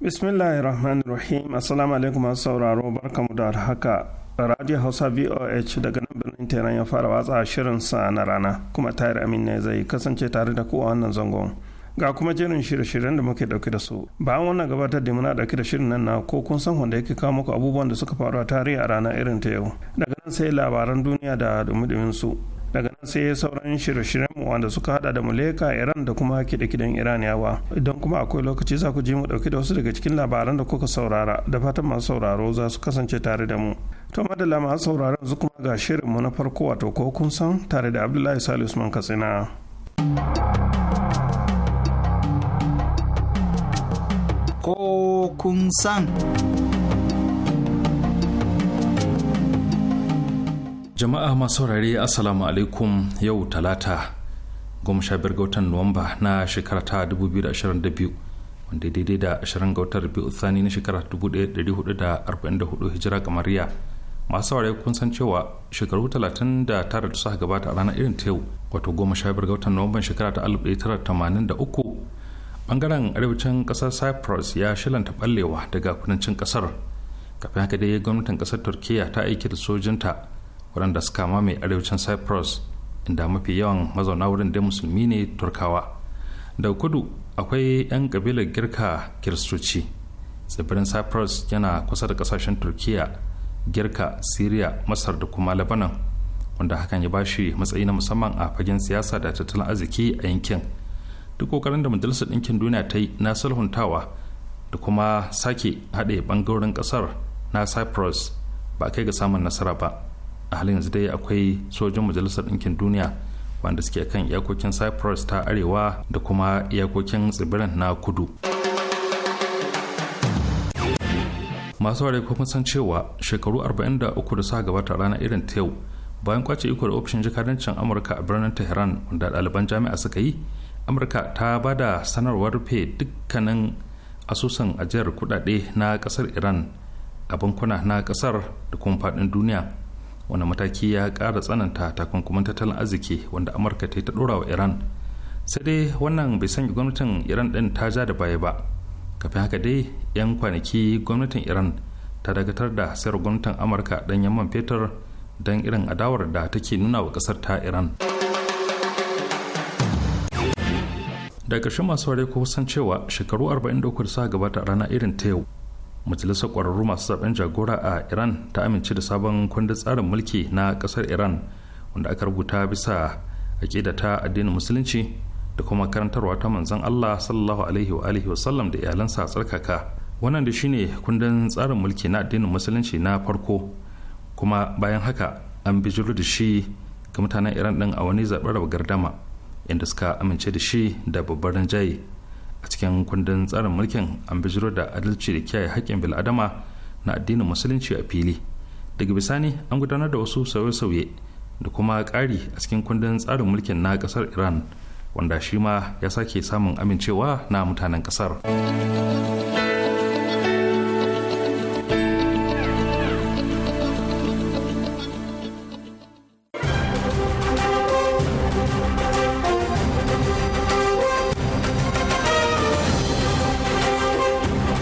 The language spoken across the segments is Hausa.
bismillahir rahmanir rahim assalamu alaikum masu sauraro barkamu da haka radio hausa voh daga nan birnin teran ya fara watsa shirin sa na rana kuma tayar amin ne zai kasance tare da kowa wannan zangon ga kuma jerin shirye-shiryen da muke dauke da su bayan wannan gabatar da muna dauke da shirin nan na ko kun san wanda yake kawo muku abubuwan da suka faru a tarihi a rana irin ta yau daga nan sai labaran duniya da dumi su sai sauran shirye-shiryen mu wanda suka hada da muleka iran da kuma kide-kiden iraniyawa idan kuma akwai lokaci za ku je mu dauki da wasu daga cikin labaran da kuka saurara da fatan masu sauraro za su kasance tare da mu to madalla masu sauraron su kuma ga shirinmu na farko wato ko kun san tare da abdullahi salisu usman katsina ko kun san jama'a masu assalamu alaikum yau talata goma sha biyar ga watan nuwamba na shekara ta 2022 wanda daidai da 20 ga watan rabi'u sani na shekara 1444 hijira kamariya masu saurare kun san cewa shekaru 39 da tara suka gabata a ranar irin ta yau wato goma sha biyar ga watan nuwamba shekara ta 1983 bangaren arewacin kasar cyprus ya shilanta ballewa daga kudancin kasar kafin haka dai gwamnatin kasar turkiya ta aiki da sojinta waɗanda suka mamaye arewacin cyprus inda mafi yawan mazauna wurin da musulmi ne turkawa daga kudu akwai 'yan kabilar girka kiristoci tsibirin cyprus yana kusa da kasashen turkiya girka syria masar da kuma lebanon wanda hakan ya bashi matsayi na musamman a fagen siyasa da tattalin arziki a yankin duk kokarin da majalisar ɗinkin duniya ta yi na sulhuntawa da kuma sake haɗe ɓangaren ƙasar na cyprus ba kai ga samun nasara ba a halin yanzu dai akwai sojin majalisar ɗinkin duniya wanda suke kan iyakokin cyprus ta arewa da kuma iyakokin tsibirin na kudu masu ware kuma san cewa shekaru 43 da suka gabata rana irin ta yau bayan kwace iko da ofishin jikadancin amurka a birnin tehran wanda ɗaliban jami'a suka yi amurka ta ba da sanarwar rufe dukkanin asusun ajiyar kudade na kasar iran a bankuna na kasar da kuma faɗin duniya wani mataki ya kara tsananta takunkumin tattalin arziki wanda amurka ta yi ta ɗora wa iran sai dai wannan bai sanya gwamnatin iran ɗin ta ja da baya ba kafin haka dai 'yan kwanaki gwamnatin iran ta dakatar da sayar gwamnatin amurka ɗan yamman fetur don irin adawar da take nuna wa ƙasar ta iran da ƙarshen masu ware san cewa shekaru 43 da suka gabata rana irin ta yau majalisar ƙwararru masu zaben jagora a iran ta amince da sabon kundin tsarin mulki na ƙasar iran wanda aka rubuta bisa aƙida ta addinin musulunci da kuma karantarwa ta manzon allah sallallahu alaihi wa alihi wasallam da iyalansa tsarkaka wannan da shine kundin tsarin mulki na addinin musulunci na farko kuma bayan haka an bijiro da shi ga mutanen iran din a wani zaɓen gardama inda suka amince da shi da babbar rinjaye a cikin kundin tsarin mulkin an bijiro da adalci da kiyaye haƙƙin bil'adama na addinin musulunci a fili daga bisani an gudanar da wasu sauye-sauye da kuma ƙari a cikin kundin tsarin mulkin na ƙasar iran wanda shi ma ya sake samun amincewa na mutanen ƙasar.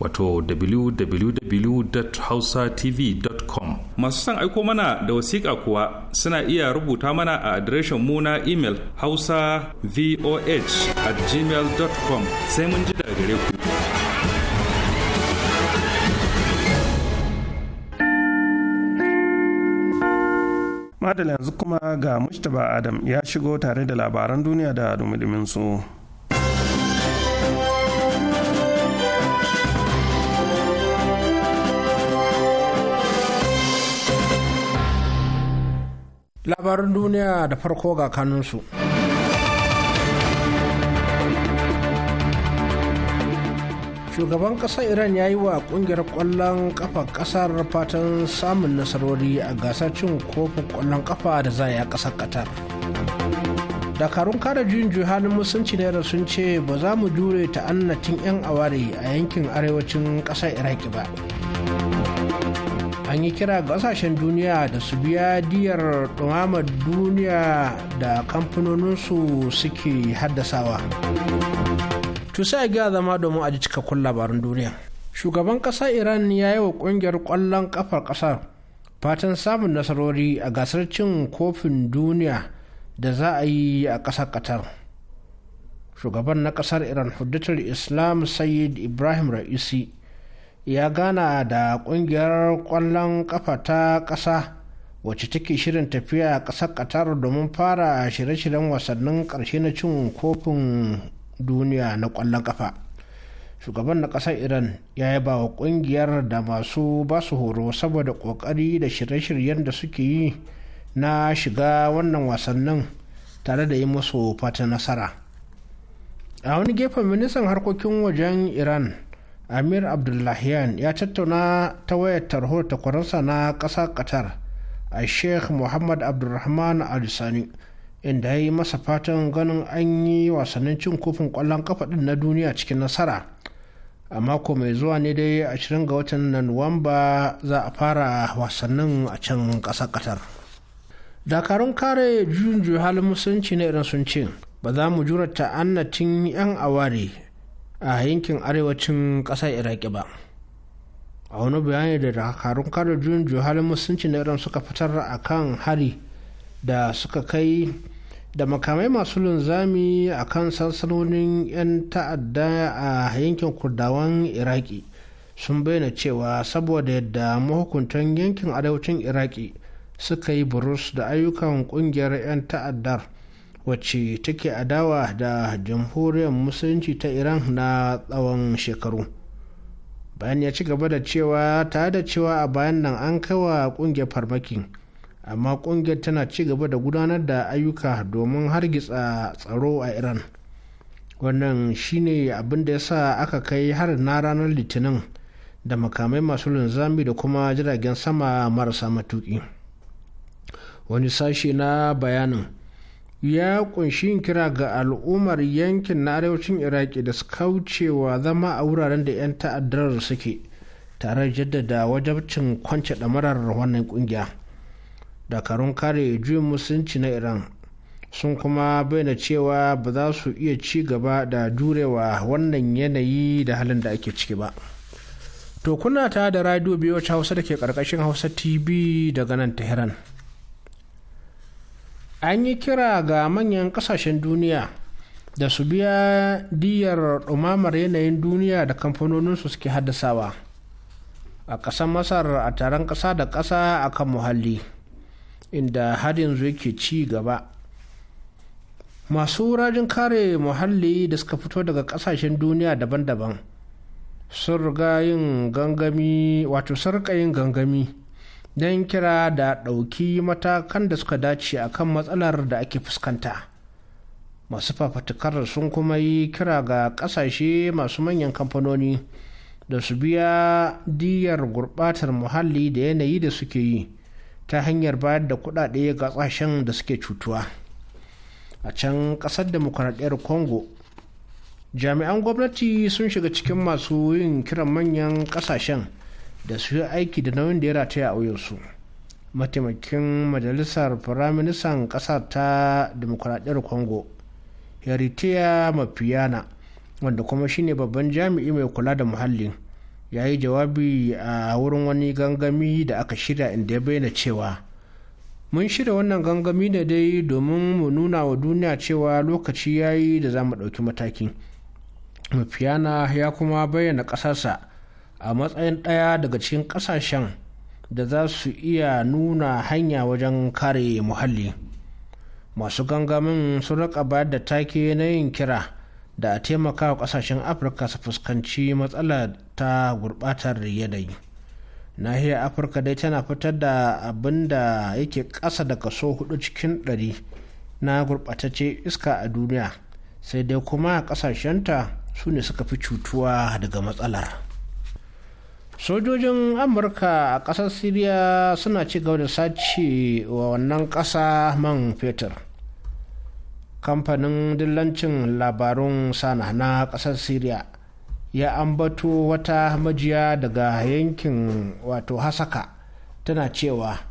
wato www.hausatv.com masu son aiko mana da wasiƙa kuwa suna iya rubuta mana a adireshin mu na imel hausa voh at gmail.com sai mun ji daga gare ku madalla yanzu kuma ga mustapha adam ya shigo tare da labaran duniya da dumi su. labarin duniya da farko ga kanunsu. shugaban ƙasar iran ya yi wa ƙungiyar ƙwallon ƙafa ƙasar fatan samun nasarori a gasar cin kofin ƙwallon ƙafa da za a ƙasar qatar dakarun kare juyin halin musulunci na sun ce ba za mu jure ta'annatin 'yan aware a yankin arewacin ƙasar iraki ba an yi kira ga kasashen duniya da su biya diyar ɗumamar duniya da kamfanoninsu suke haddasawa to sai ga zama domin a ji cikakkun labaran duniya shugaban ƙasa iran ya yi wa ƙungiyar ƙwallon ƙafar ƙasar fatan samun nasarori a gasar cin kofin duniya da za a yi a ƙasar katar shugaban na ƙasar iran hujjatar islam sayyid ibrahim ra'isi ya gana da kungiyar kwallon kafa ta kasa wacce take shirin tafiya ƙasar qatar domin fara shirye-shiryen wasannin ƙarshe na cin kofin duniya na kwallon kafa shugaban na ƙasar iran ya ba wa ƙungiyar da masu basu horo saboda ƙoƙari da shirye-shiryen da suke yi na shiga wannan wasannin tare da yi musu fata nasara a wani gefen ministan harkokin wajen iran amir abdullahian ya tattauna ta wayar tarho takwaransa na ƙasa qatar a sheikh muhammad abdulrahman alisani inda ya yi masa fatan ganin an yi wasannin cin kofin kwallon kafa ɗin na duniya cikin nasara a mako mai zuwa ne dai 20 ga watan na nuwamba za a fara wasannin a can ƙasa qatar dakarun kare juyin halin musulunci na irin sun ce ba za mu jura annatin 'yan aware a yankin arewacin ƙasar iraki ba a wani bayani da dakarun kare juyin juhalin musulunci na iran suka fitar a kan hari da suka kai da makamai masu linzami a kan sansanonin 'yan ta'adda a yankin kurdawan iraki sun bayyana cewa saboda yadda mahukuntan yankin arewacin iraki suka yi burus da ayyukan kungiyar 'yan ta'addar wacce take adawa da jamhuriyar musulunci ta iran na tsawon shekaru bayan ya ci gaba da cewa ta da cewa a bayan nan an kawa kungiyar farmaki, amma kungiyar tana ci gaba da gudanar da ayyuka domin hargitsa tsaro a iran wannan shine abin da ya sa aka kai har na ranar litinin da makamai masu linzami da kuma jiragen sama marasa matuki wani sashe na bayanin ya kunshi yin kira ga al'ummar yankin na arewacin iraki da su kaucewa zama a wuraren da 'yan ta'addar suke tare jaddada wajabcin kwance ɗamarar wannan kungiya dakarun kare juyin musulunci na iran sun kuma bayyana cewa ba za su iya ci gaba da jurewa wannan yanayi da halin da ake ciki ba to kuna ta da radio biyu wacce hausa da ke karkashin hausa tv daga nan tehran an yi kira ga manyan kasashen duniya da su biya diyar ɗumamar yanayin duniya da kamfanoninsu suke haddasawa a ƙasar masar a taron ƙasa da ƙasa a kan muhalli inda har yanzu yake ci gaba masu rajin kare muhalli da suka fito daga ƙasashen duniya daban-daban sun riga yin gangami wato sarƙa yin gangami don kira da ɗauki matakan da suka dace a kan matsalar da ake fuskanta masu fafatukar sun kuma yi kira ga ƙasashe masu manyan kamfanoni da su biya diyar gurɓatar muhalli da yanayi da suke yi ta hanyar bayar da kuɗaɗe ga ƙasashen da suke cutuwa a can ƙasar demokuraɗiyar congo jami'an gwamnati sun shiga cikin masu yin kiran manyan ƙasashen da su yi aiki da nauyin da ya rataya a wuyansu mataimakin majalisar firaministan ƙasar ta demokuraɗiyar congo heritiya mafiyana wanda kuma shine babban jami'i mai kula da muhalli ya yi jawabi a wurin wani gangami da aka shirya inda ya bayyana cewa mun shirya wannan gangami da dai domin mu nuna wa duniya cewa lokaci ya yi da za mu ɗauki mataki mafiyana ya kuma bayyana ƙasarsa a matsayin ɗaya daga cikin ƙasashen da za su iya nuna hanya wajen kare muhalli masu gangamin sun raka bayar da take na yin kira da a taimaka wa ƙasashen afirka su fuskanci matsala ta gurɓatar yanayi nahiyar afirka dai tana fitar da abin da yake ƙasa da kaso hudu cikin ɗari na gurɓatacce iska a duniya sai dai kuma ƙasashenta su ne suka fi cutuwa daga matsalar. sojojin amurka a ƙasar siriya suna ci gaba da sace wa wannan ƙasa man fetur kamfanin dillancin labarun sana na ƙasar siriya ya ambato wata majiya daga yankin wato hasaka tana cewa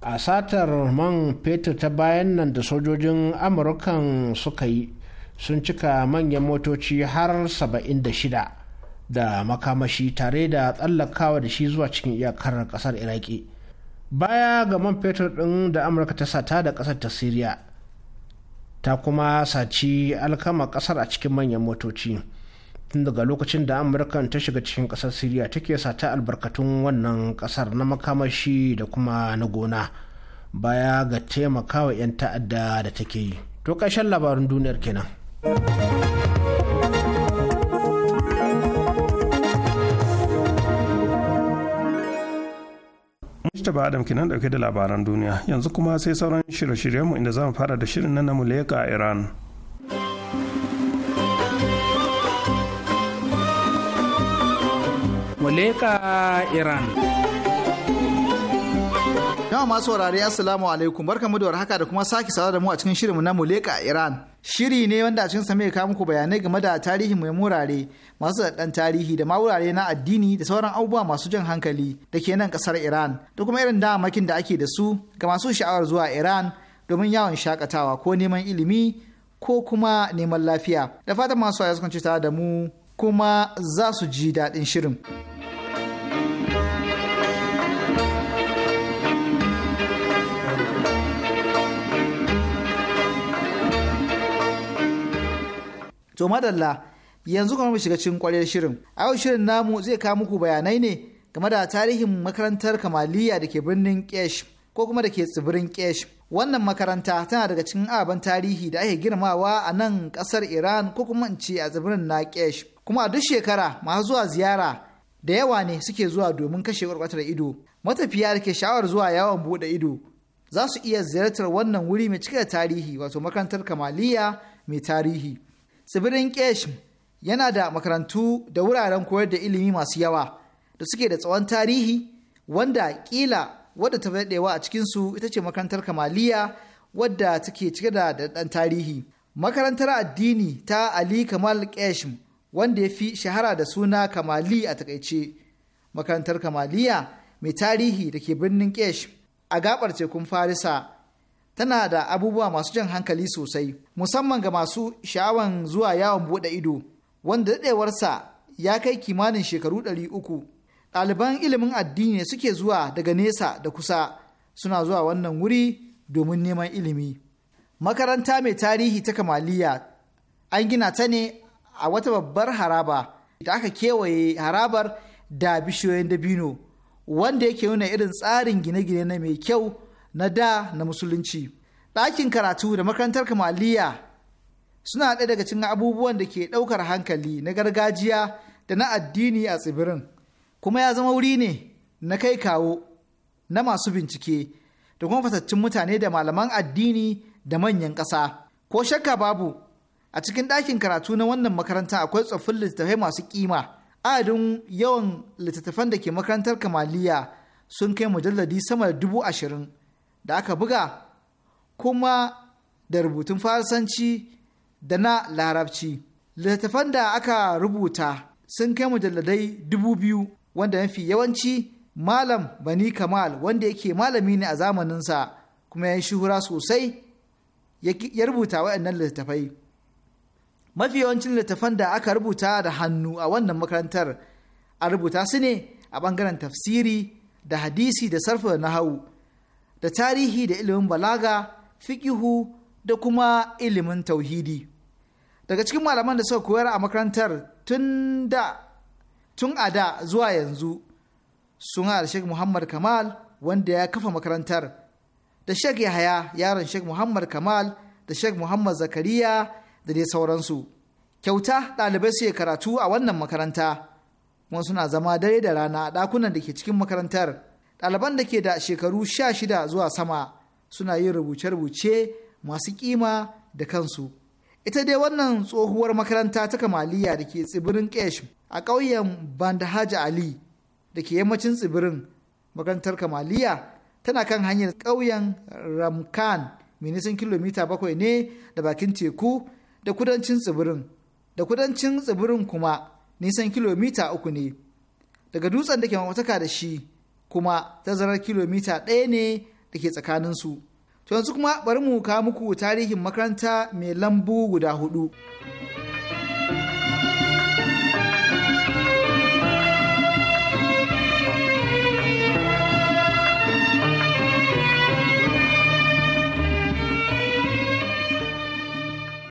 a satar man fetur ta bayan nan da sojojin amurkan suka yi sun cika manyan motoci har 76 da makamashi tare da tsallakawa da shi zuwa cikin iyakar kasar iraki baya ga man fetur ɗin da amurka ta sata da ƙasar ta siriya ta kuma saci alkama ƙasar a cikin manyan motoci tun daga lokacin da amurka ta shiga cikin ƙasar siriya take sata albarkatun wannan ƙasar na makamashi da kuma na gona baya ga taimakawa 'yan ta'adda da take yi to ƙarshen labarin duniyar kenan. Mustapha Adam kenan dauke da labaran duniya yanzu kuma sai sauran shirye-shiryenmu inda zamu fara da shirin na Muleka a Iran. Muleka Iran. Yawan masu wurare Assalamu alaikum barkamu da warhaka da kuma sake sawa da mu a cikin shirinmu na Muleka Iran. Shiri ne wanda a cikin sa mai kawo bayanai game da tarihi mai murare masu daɗan tarihi da ma wurare na addini da sauran abubuwa masu jan hankali da ke nan ƙasar Iran da kuma irin damakin da ake da su ga masu sha'awar zuwa Iran domin yawon shakatawa ko neman ilimi ko kuma neman lafiya. Da fatan masu waya sukan ci tare da mu kuma za su ji daɗin shirin. to madalla yanzu kuma mu shiga cikin kwarar shirin a yau shirin namu zai kawo muku bayanai ne game da tarihin makarantar kamaliya da ke birnin kesh ko kuma da ke tsibirin kesh wannan makaranta tana daga cikin abin tarihi da ake girmawa a nan kasar iran ko kuma in ce a tsibirin na kesh kuma a duk shekara masu zuwa ziyara da yawa ne suke zuwa domin kashe kwarkwatar ido matafiya da ke sha'awar zuwa yawon buɗe ido za su iya ziyartar wannan wuri mai cike da tarihi wato makarantar kamaliya mai tarihi tsibirin kesh yana da makarantu da wuraren koyar da ilimi masu yawa da suke da tsawon tarihi wanda kila wadda ta daɗewa a cikinsu ita ce makarantar kamaliya wadda take cike da daɗan tarihi makarantar addini ta ali kamal kesh wanda ya fi shahara da suna kamali a takaice makarantar kamaliya mai tarihi da ke birnin kesh a gabar tekun farisa tana da abubuwa masu jan hankali sosai musamman ga masu sha'awan zuwa yawon buɗe ido wanda daɗewarsa ya kai kimanin shekaru ɗari uku ɗaliban ilimin addini ne suke zuwa daga nesa da kusa suna zuwa wannan wuri domin neman ilimi makaranta mai tarihi ta kamaliya an gina ta ne a wata babbar haraba da aka kewaye harabar da bishiyoyin dabino wanda yake nuna irin tsarin gine-gine na mai kyau na da na musulunci. ɗakin karatu da makarantar kamaliya suna ɗaya daga cikin abubuwan da ke ɗaukar hankali na gargajiya da na addini a tsibirin kuma ya zama wuri ne na kai kawo na masu bincike da kuma fatattun mutane da malaman addini da manyan ƙasa ko shakka babu a cikin ɗakin karatu na wannan makaranta akwai tsoffin littattafai masu kima adadin yawan littattafan da ke makarantar kamaliya sun kai mujalladi sama da dubu ashirin da aka buga kuma da rubutun Farsanci da na Larabci. Littattafan da aka rubuta sun kai mujalladai dubu biyu wanda mafi yawanci Malam Bani Kamal wanda yake malami ne a zamaninsa kuma ya shuhura sosai ya rubuta waɗannan littattafai. Mafi yawancin littattafan da aka rubuta da hannu a wannan makarantar a rubuta su ne a ɓangaren tafsiri da hadisi da sarfa na nahawu da tarihi da ilimin balaga fikihu da kuma ilimin tauhidi daga cikin malaman da suka koyar a makarantar tun da tun a da zuwa yanzu sun da Sheikh Muhammad Kamal wanda ya kafa makarantar da Sheikh Yahaya yaron Sheikh Muhammad Kamal da Sheikh Muhammad Zakariya da dai sauransu kyauta ɗalibai su karatu a wannan makaranta kuma suna zama dare da rana ɗakunan da ke cikin makarantar ɗaliban da ke da shekaru sha shida zuwa sama suna yin rubuce-rubuce masu kima da kansu ita dai wannan tsohuwar makaranta ta kamaliya da ke tsibirin kesh a ƙauyen bandahaja ali da ke yammacin tsibirin makarantar kamaliya tana kan hanyar ƙauyen ramkan mai nisan kilomita bakwai ne da bakin teku da kudancin tsibirin da kudancin tsibirin kuma nisan kilomita uku ne daga dutsen da ke mamataka da shi kuma tazarar kilomita ɗaya ne da ke tsakaninsu. To yanzu kuma bari mu kawo muku tarihin makaranta mai lambu guda hudu.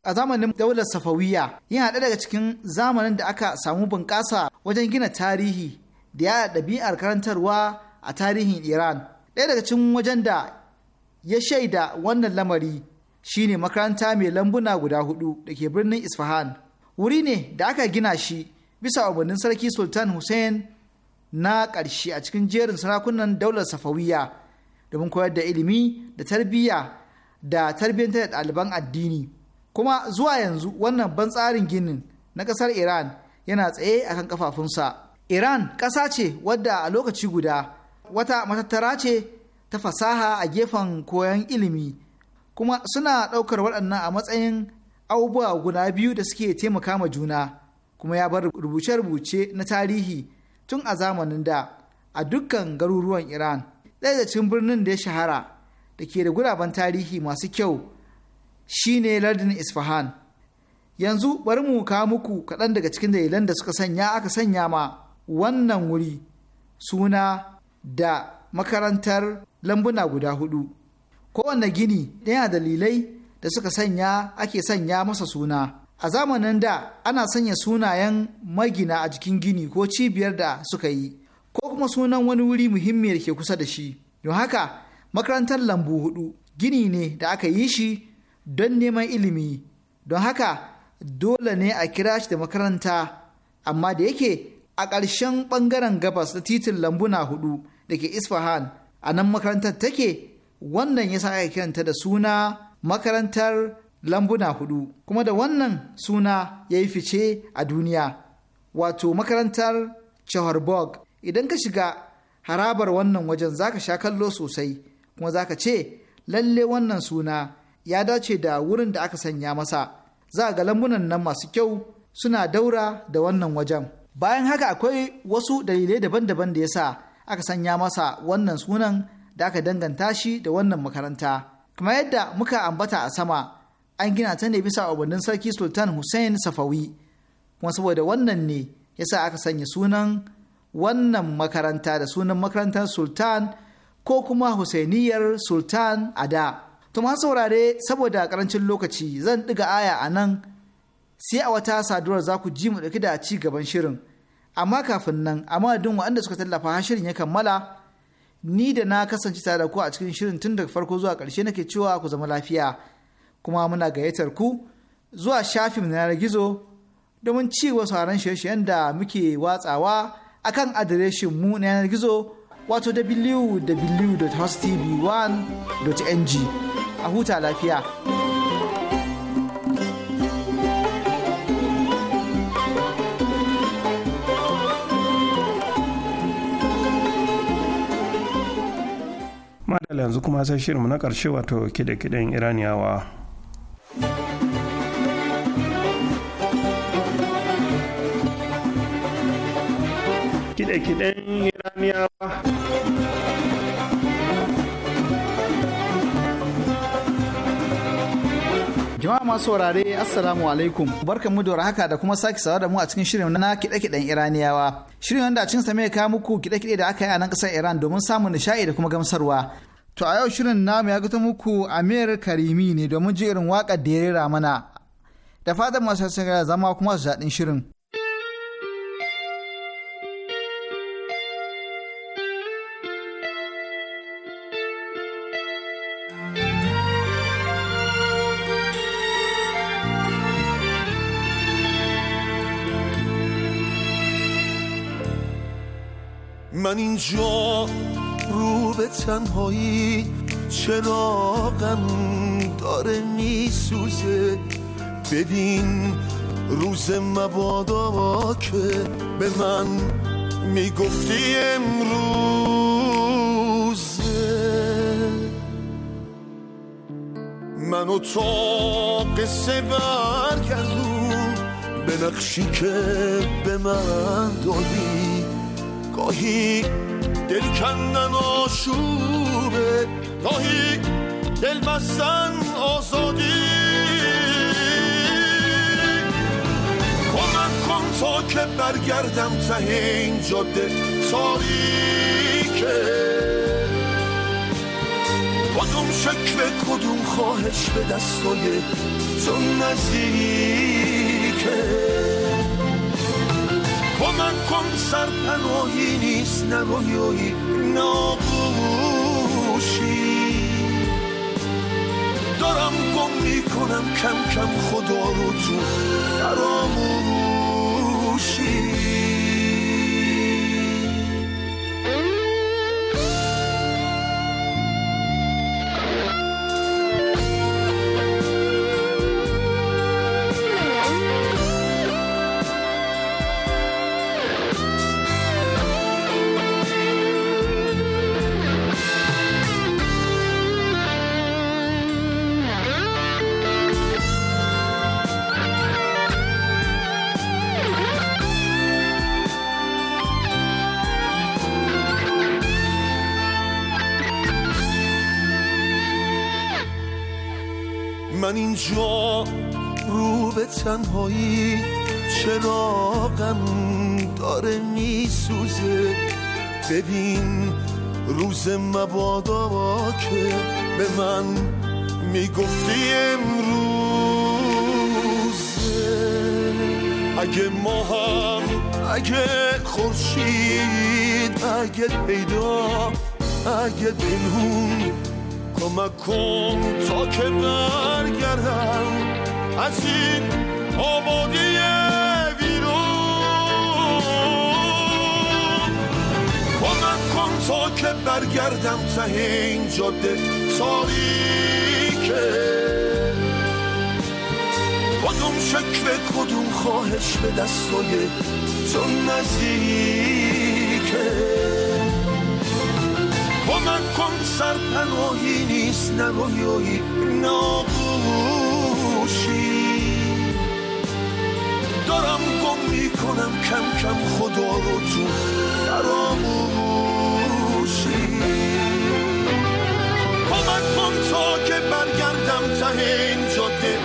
a zamanin daular safawiya yana haɗe daga cikin zamanin da aka samu bunƙasa wajen gina tarihi da ya ɗabi'ar karantarwa a tarihin iran ɗaya daga cikin wajen da ya shaida wannan lamari shine makaranta mai lambuna guda hudu da ke birnin isfahan wuri ne da aka gina shi bisa umarnin sarki sultan hussein na ƙarshe a cikin jerin sarakunan daular safawiya domin koyar da ilimi da tarbiyya da tarbiyyantar da ɗaliban addini kuma zuwa yanzu wannan ban tsarin ginin na ƙasar iran yana tsaye akan ƙafafunsa. iran ƙasa ce wadda a lokaci guda wata matattara ce ta fasaha a gefen koyon ilimi kuma suna ɗaukar waɗannan a matsayin abubuwa guda biyu da suke taimaka ma juna kuma ya bar rubuce-rubuce na tarihi tun a zamanin da a dukkan garuruwan iran ɗaya da cikin birnin da ya shahara da ke da guraben tarihi masu kyau shine lardin isfahan yanzu bari mu kawo muku kaɗan daga cikin dalilan da suka sanya aka sanya ma wannan wuri suna da makarantar lambuna guda hudu. kowane gini yana dalilai da suka sanya ake sanya masa suna. A zamanin da ana sanya sunayen magina a jikin gini ko cibiyar da suka yi, ko kuma sunan wani wuri muhimmiyar ke kusa da shi. Don haka, makarantar lambu hudu gini ne da aka yi shi don neman ilimi. Don haka, dole ne a kira shi da makaranta, amma da yake a ƙarshen ɓangaren gabas na titin lambuna hudu da ke isfahan a nan makarantar take wannan ya sa kiranta da suna makarantar lambuna hudu kuma da wannan suna ya yi fice a duniya wato makarantar Choharborg idan ka shiga harabar wannan wajen za ka sha kallo sosai kuma za ka ce lalle wannan suna ya dace da wurin da aka sanya masa za ga lambunan nan masu kyau suna daura da wannan wajen bayan haka akwai wasu dalilai daban-daban da ya sa aka sanya masa wannan sunan da aka danganta shi da wannan makaranta kamar yadda muka ambata a sama an gina ta ne bisa umarnin sarki sultan hussein safawi kuma saboda wannan ne ya sa aka sanya sunan wannan makaranta da sunan makarantar sultan ko kuma husainiyar sultan a da tuma saurare saboda karancin lokaci zan ɗiga aya a nan sai a wata saduwar za ku ji mu ɗauki da ci gaban shirin amma kafin nan a madadin waɗanda suka tallafa har shirin ya kammala ni da na kasance tare da ku a cikin shirin tun daga farko zuwa ƙarshe nake cewa ku zama lafiya kuma muna gayyatar ku zuwa shafin na yanar gizo domin ci wasu sauran shirye-shiryen da muke watsawa akan adireshin mu na yanar gizo wato www.hostv1.ng a huta lafiya. madala yanzu kuma sai shirinmu na ƙarshe wato kide-kiden iraniyawa kide-kiden iraniyawa masu saurare assalamu alaikum barka mu da haka da kuma sake sawa da mu a cikin shirin na kiɗe-kiɗen iraniyawa shirin wanda cin sa mai kawo muku kiɗe-kiɗe da aka yi a nan ƙasar iran domin samun nishaɗi da kuma gamsarwa to a yau shirin namu ya gata muku amir karimi ne domin ji irin waƙar da ya rera mana da fatan masu zama kuma su daɗin shirin همینجا رو به تنهایی چراغم داره میسوزه ببین روز مبادا که به من میگفتی امروز منو تو قصه برگردون به نقشی که به من دادی گاهی دل کندن آشوبه گاهی دل بستن آزادی کمک کن تا که برگردم ته این جاده تاریکه کدوم شکل کدوم خواهش به دستای تو نزدیکه با من کن پناهی نیست نرویایی ناقوشی دارم گم میکنم کم کم خدا رو تو فراموشی اینجا رو به تنهایی چراغم داره میسوزه ببین روز مبادا که به من میگفتی امروز اگه ما هم اگه خورشید اگه پیدا اگه پنهون کمک کن تا که برگردم از این آبادی ویرون کمک کن تا که برگردم تا این جاده تاریکه کدوم شکل کدوم خواهش به دستای تو نزدیکه من کن پناهی نیست نگاهی ناگوشی دارم گم میکنم کم کم خدا رو تو فراموشی کمک کن تا که برگردم ته این جاده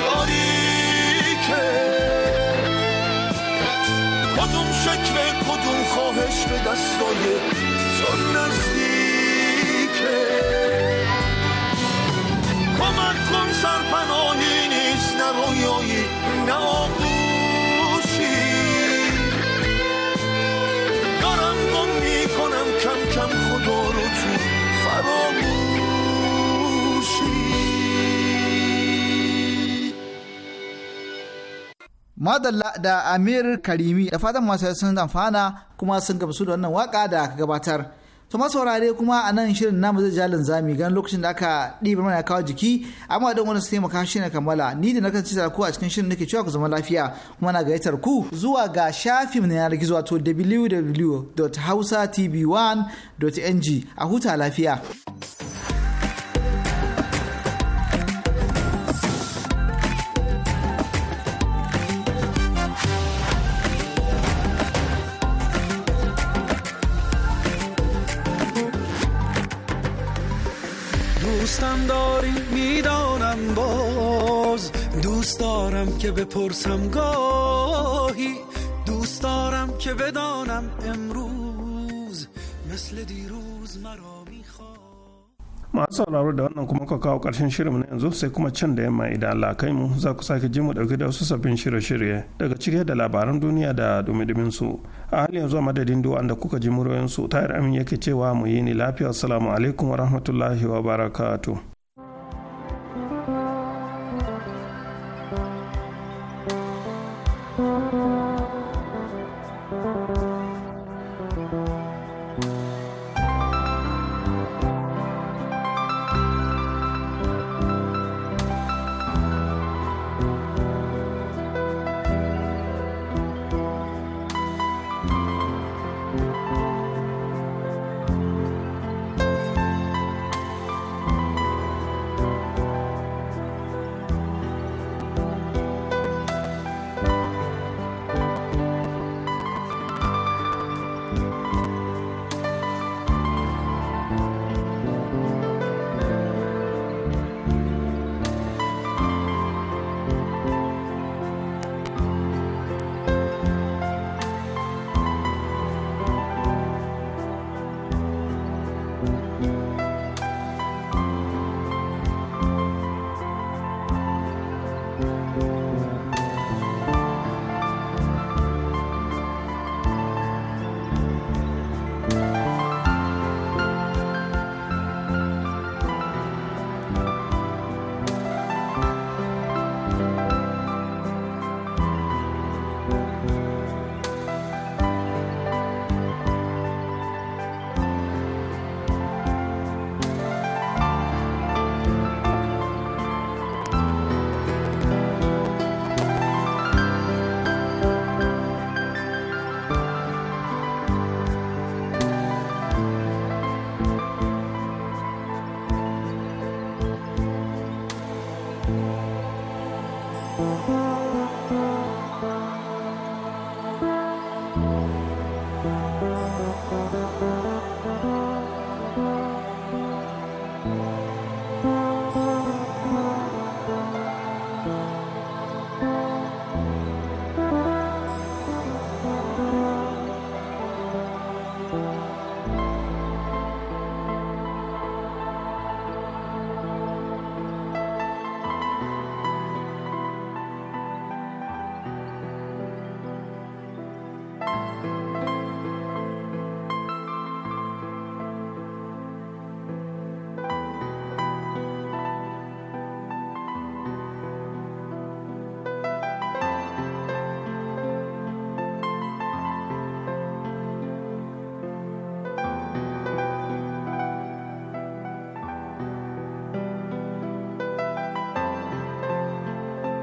تاریکه کدوم شکل کدوم خواهش به دستای تو کم خدا رو تو فراموشی madalla da amir karimi da fatan masu sun amfana kuma sun gamsu da wannan waka da aka gabatar to ma saurare kuma a nan shirin namu zai jalin zami gan lokacin da aka ɗiba mana kawo jiki amma don wani su taimaka shi na kammala ni da nakan ci ku a cikin shirin nake cewa ku zama lafiya kuma na gayyatar ku zuwa ga shafin na yanar gizo wato www.hausatv1.ng a huta lafiya. دارم که بپرسم گاهی دوست دارم که بدانم امروز مثل دیروز مرا masu sauraro da wannan kuma kakawa kawo karshen shirin na yanzu sai kuma can da yamma idan Allah kai mu za ku sake jin mu dauke da wasu sabbin shirye-shirye daga cike da labaran duniya da dumi su a hali yanzu a madadin duwa da kuka ji muryoyin su tayar amin yake cewa mu yi ni lafiya assalamu alaikum wa rahmatullahi wa barakatuh